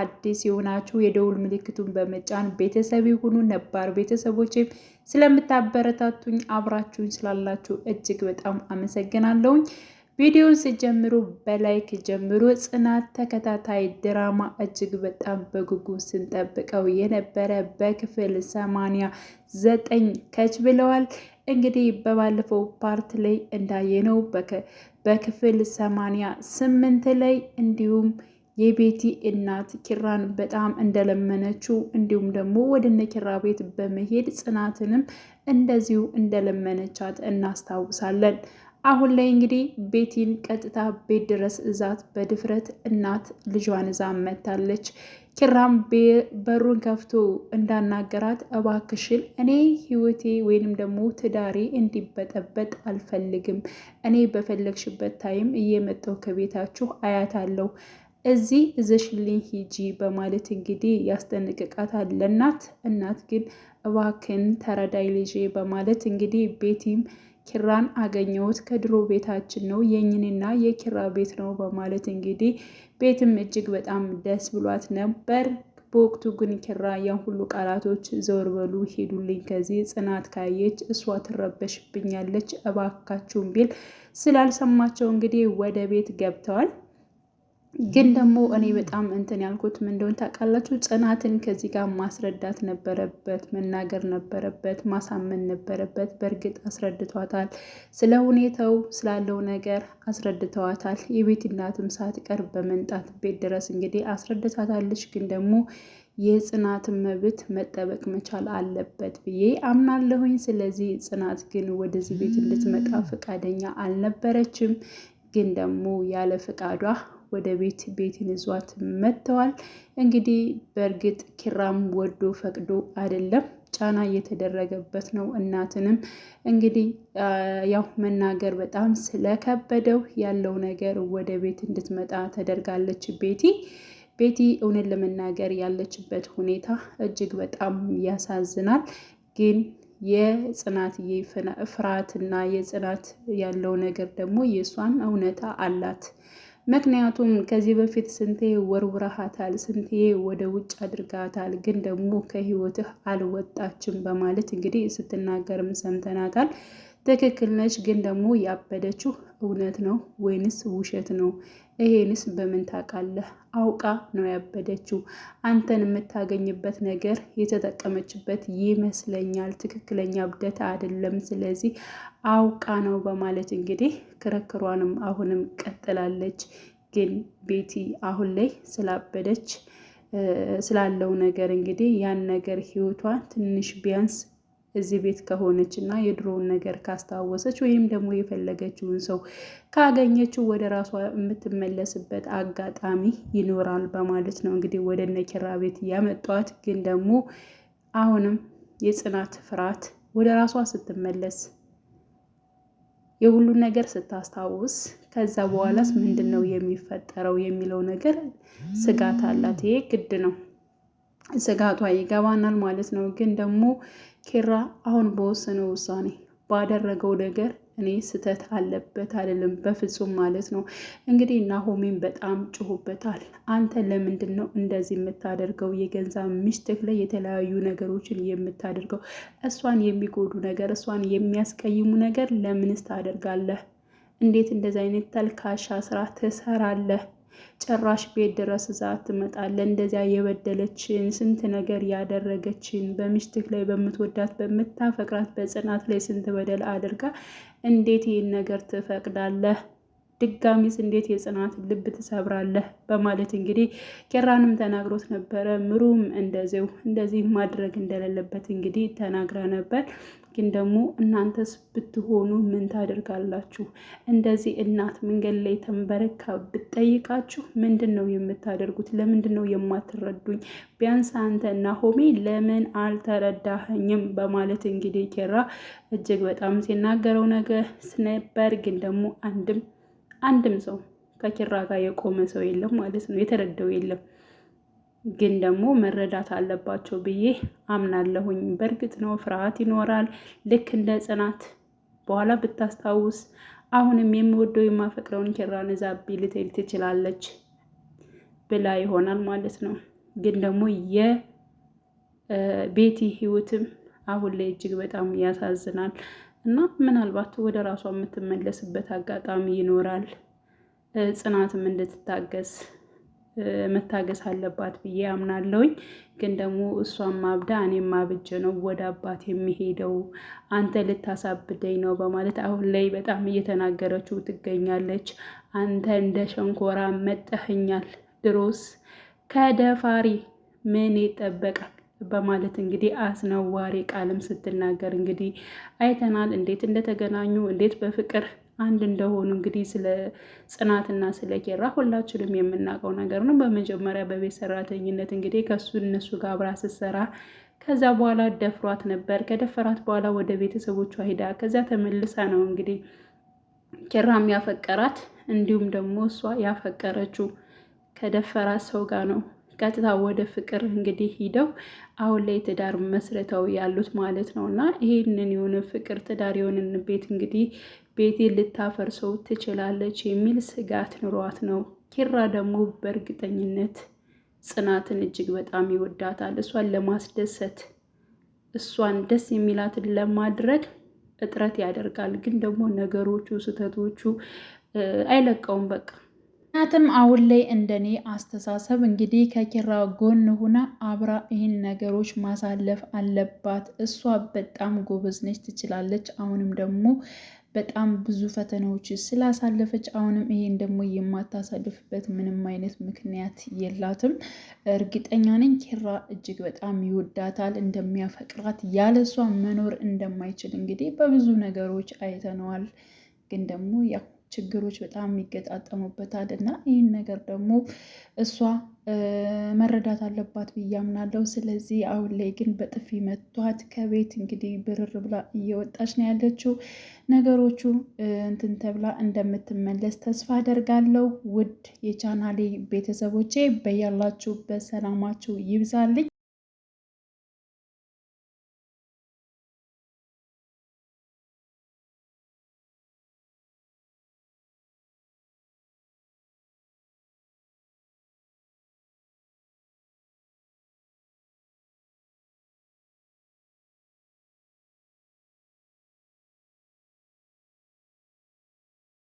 አዲስ የሆናችሁ የደውል ምልክቱን በመጫን ቤተሰብ የሆኑ ነባር ቤተሰቦችም ስለምታበረታቱኝ አብራችሁኝ ስላላችሁ እጅግ በጣም አመሰግናለሁኝ። ቪዲዮውን ስጀምሩ በላይክ ጀምሩ። ጽናት ተከታታይ ድራማ እጅግ በጣም በጉጉ ስንጠብቀው የነበረ በክፍል ሰማንያ ዘጠኝ ከች ብለዋል። እንግዲህ በባለፈው ፓርት ላይ እንዳየነው በክፍል ሰማንያ ስምንት ላይ እንዲሁም የቤቲ እናት ኪራን በጣም እንደለመነችው እንዲሁም ደግሞ ወደ እነ ኪራ ቤት በመሄድ ጽናትንም እንደዚሁ እንደለመነቻት እናስታውሳለን። አሁን ላይ እንግዲህ ቤቲን ቀጥታ ቤት ድረስ እዛት በድፍረት እናት ልጇን እዛ መታለች። ኪራም በሩን ከፍቶ እንዳናገራት እባክሽን እኔ ህይወቴ ወይንም ደግሞ ትዳሬ እንዲበጠበጥ አልፈልግም። እኔ በፈለግሽበት ታይም እየመጣው ከቤታችሁ አያታለሁ እዚህ እዘሽልኝ ሂጂ በማለት እንግዲህ ያስጠነቅቃታል ለእናት። እናት ግን እባክን ተረዳይ ልጄ በማለት እንግዲህ ቤቲም ኪራን አገኘሁት ከድሮ ቤታችን ነው የኝንና የኪራ ቤት ነው በማለት እንግዲህ ቤትም እጅግ በጣም ደስ ብሏት ነበር። በወቅቱ ግን ኪራ ያን ሁሉ ቃላቶች ዘወር በሉ ሄዱልኝ፣ ከዚህ ጽናት ካየች እሷ ትረበሽብኛለች፣ እባካችሁን ቢል ስላልሰማቸው እንግዲህ ወደ ቤት ገብተዋል። ግን ደግሞ እኔ በጣም እንትን ያልኩት ምን እንደሆነ ታውቃላችሁ? ጽናትን ከዚህ ጋር ማስረዳት ነበረበት፣ መናገር ነበረበት፣ ማሳመን ነበረበት። በእርግጥ አስረድቷታል። ስለ ሁኔታው ስላለው ነገር አስረድተዋታል። የቤት እናትም ሳትቀር በመንጣት ቤት ድረስ እንግዲህ አስረድታታለች። ግን ደግሞ የጽናት መብት መጠበቅ መቻል አለበት ብዬ አምናለሁኝ። ስለዚህ ጽናት ግን ወደዚህ ቤት እንድትመጣ ፈቃደኛ አልነበረችም። ግን ደግሞ ያለ ፈቃዷ ወደ ቤት ቤትን ይዟት መጥተዋል። እንግዲህ በእርግጥ ኪራም ወዶ ፈቅዶ አይደለም ጫና እየተደረገበት ነው። እናትንም እንግዲህ ያው መናገር በጣም ስለከበደው ያለው ነገር ወደ ቤት እንድትመጣ ተደርጋለች ቤቲ። ቤቲ እውነት ለመናገር ያለችበት ሁኔታ እጅግ በጣም ያሳዝናል። ግን የጽናት ፍርሃትና የጽናት ያለው ነገር ደግሞ የእሷን እውነታ አላት ምክንያቱም ከዚህ በፊት ስንቴ ወርውረሃታል፣ ስንቴ ወደ ውጭ አድርጋታል፣ ግን ደግሞ ከህይወትህ አልወጣችም በማለት እንግዲህ ስትናገርም ሰምተናታል። ትክክል ነች፣ ግን ደግሞ ያበደችው እውነት ነው ወይንስ ውሸት ነው? ይሄንስ በምን ታውቃለህ? አውቃ ነው ያበደችው። አንተን የምታገኝበት ነገር የተጠቀመችበት ይመስለኛል። ትክክለኛ እብደት አይደለም። ስለዚህ አውቃ ነው በማለት እንግዲህ ክርክሯንም አሁንም ቀጥላለች። ግን ቤቲ አሁን ላይ ስላበደች ስላለው ነገር እንግዲህ ያን ነገር ህይወቷ ትንሽ ቢያንስ እዚህ ቤት ከሆነች እና የድሮውን ነገር ካስታወሰች ወይም ደግሞ የፈለገችውን ሰው ካገኘችው ወደ ራሷ የምትመለስበት አጋጣሚ ይኖራል በማለት ነው እንግዲህ ወደ ነኪራ ቤት ያመጧት። ግን ደግሞ አሁንም የጽናት ፍርሃት ወደ ራሷ ስትመለስ የሁሉን ነገር ስታስታውስ ከዛ በኋላስ ምንድን ነው የሚፈጠረው የሚለው ነገር ስጋት አላት። ይሄ ግድ ነው። ስጋቷ ይገባናል ማለት ነው። ግን ደግሞ ኪራ አሁን በወሰነው ውሳኔ ባደረገው ነገር እኔ ስህተት አለበት አይደለም በፍጹም ማለት ነው። እንግዲህ ናሆሜን በጣም ጭሁበታል። አንተ ለምንድን ነው እንደዚህ የምታደርገው? የገንዛ ሚስትህ ላይ የተለያዩ ነገሮችን የምታደርገው እሷን የሚጎዱ ነገር፣ እሷን የሚያስቀይሙ ነገር ለምንስ ታደርጋለህ? እንዴት እንደዚህ አይነት ተልካሻ ስራ ትሰራለህ? ጭራሽ ቤት ድረስ እዛ ትመጣለ እንደዚያ የበደለችን ስንት ነገር ያደረገችን በሚስትህ ላይ በምትወዳት በምታፈቅራት በጽናት ላይ ስንት በደል አድርጋ እንዴት ይህን ነገር ትፈቅዳለህ? ድጋሚስ እንዴት የጽናት ልብ ትሰብራለህ? በማለት እንግዲህ ኪራንም ተናግሮት ነበረ። ምሩም እንደዚው እንደዚህ ማድረግ እንደሌለበት እንግዲህ ተናግራ ነበር። ግን ደግሞ እናንተስ ብትሆኑ ምን ታደርጋላችሁ? እንደዚህ እናት መንገድ ላይ ተንበረካ ብትጠይቃችሁ ምንድን ነው የምታደርጉት? ለምንድን ነው የማትረዱኝ? ቢያንስ አንተ ሆሜ ለምን አልተረዳኸኝም? በማለት እንግዲህ ኪራ እጅግ በጣም ሲናገረው ነገር ስነበር ግን ደግሞ አንድም አንድም ሰው ከኪራ ጋር የቆመ ሰው የለም ማለት ነው፣ የተረዳው የለም። ግን ደግሞ መረዳት አለባቸው ብዬ አምናለሁኝ። በእርግጥ ነው ፍርሃት ይኖራል፣ ልክ እንደ ጽናት በኋላ ብታስታውስ አሁንም የምወደው የማፈቅረውን ኪራን እዛብኝ ልትሄድ ትችላለች ብላ ይሆናል ማለት ነው። ግን ደግሞ የቤቲ ህይወትም አሁን ላይ እጅግ በጣም ያሳዝናል። እና ምናልባት ወደ ራሷ የምትመለስበት አጋጣሚ ይኖራል። ጽናትም እንድትታገስ መታገስ አለባት ብዬ አምናለሁኝ። ግን ደግሞ እሷም ማብዳ እኔም ማብጀ ነው ወደ አባት የሚሄደው አንተ ልታሳብደኝ ነው በማለት አሁን ላይ በጣም እየተናገረችው ትገኛለች። አንተ እንደ ሸንኮራ መጠህኛል፣ ድሮስ ከደፋሪ ምን ይጠበቃል? በማለት እንግዲህ አስነዋሪ ቃልም ስትናገር እንግዲህ አይተናል፣ እንዴት እንደተገናኙ እንዴት በፍቅር አንድ እንደሆኑ እንግዲህ ስለ ጽናትና ስለ ኬራ ሁላችንም የምናውቀው ነገር ነው። በመጀመሪያ በቤት ሰራተኝነት እንግዲህ ከሱ እነሱ ጋር አብራ ስትሰራ ከዛ በኋላ ደፍሯት ነበር። ከደፈራት በኋላ ወደ ቤተሰቦቿ ሂዳ ከዛ ተመልሳ ነው እንግዲህ ኬራም ያፈቀራት እንዲሁም ደግሞ እሷ ያፈቀረችው ከደፈራት ሰው ጋር ነው ቀጥታ ወደ ፍቅር እንግዲህ ሂደው አሁን ላይ ትዳር መስረታዊ ያሉት ማለት ነው። እና ይህንን የሆነ ፍቅር ትዳር የሆንን ቤት እንግዲህ ቤቴ ልታፈርሰው ትችላለች የሚል ስጋት ኑሯት ነው። ኪራ ደግሞ በእርግጠኝነት ጽናትን እጅግ በጣም ይወዳታል። እሷን ለማስደሰት እሷን ደስ የሚላትን ለማድረግ እጥረት ያደርጋል። ግን ደግሞ ነገሮቹ ስህተቶቹ አይለቀውም በቃ ምክንያቱም አሁን ላይ እንደኔ አስተሳሰብ እንግዲህ ከኪራ ጎን ሆና አብራ ይህን ነገሮች ማሳለፍ አለባት። እሷ በጣም ጎበዝ ነች፣ ትችላለች። አሁንም ደግሞ በጣም ብዙ ፈተናዎች ስላሳለፈች አሁንም ይሄን ደግሞ የማታሳልፍበት ምንም አይነት ምክንያት የላትም። እርግጠኛ ነኝ ኪራ እጅግ በጣም ይወዳታል፣ እንደሚያፈቅራት ያለ እሷ መኖር እንደማይችል እንግዲህ በብዙ ነገሮች አይተነዋል። ግን ደግሞ ያው ችግሮች በጣም የሚገጣጠሙበታል እና ይህን ነገር ደግሞ እሷ መረዳት አለባት ብዬ አምናለሁ። ስለዚህ አሁን ላይ ግን በጥፊ መቷት ከቤት እንግዲህ ብርር ብላ እየወጣች ነው ያለችው። ነገሮቹ እንትን ተብላ እንደምትመለስ ተስፋ አደርጋለሁ። ውድ የቻናሌ ቤተሰቦቼ በያላችሁበት ሰላማችሁ ይብዛልኝ።